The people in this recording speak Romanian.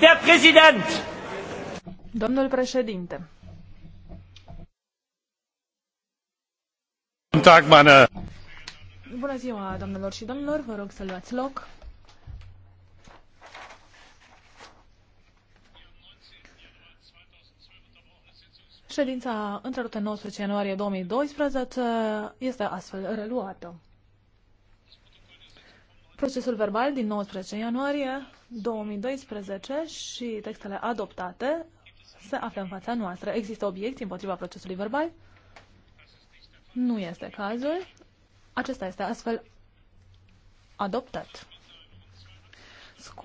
Der Präsident! Domnul președinte. Bună ziua, domnilor și domnilor, vă rog să luați loc. Ședința întrerută 19 ianuarie 2012 este astfel reluată. Procesul verbal din 19 ianuarie 2012 și textele adoptate se află în fața noastră. Există obiecții împotriva procesului verbal? Nu este cazul. Acesta este astfel adoptat.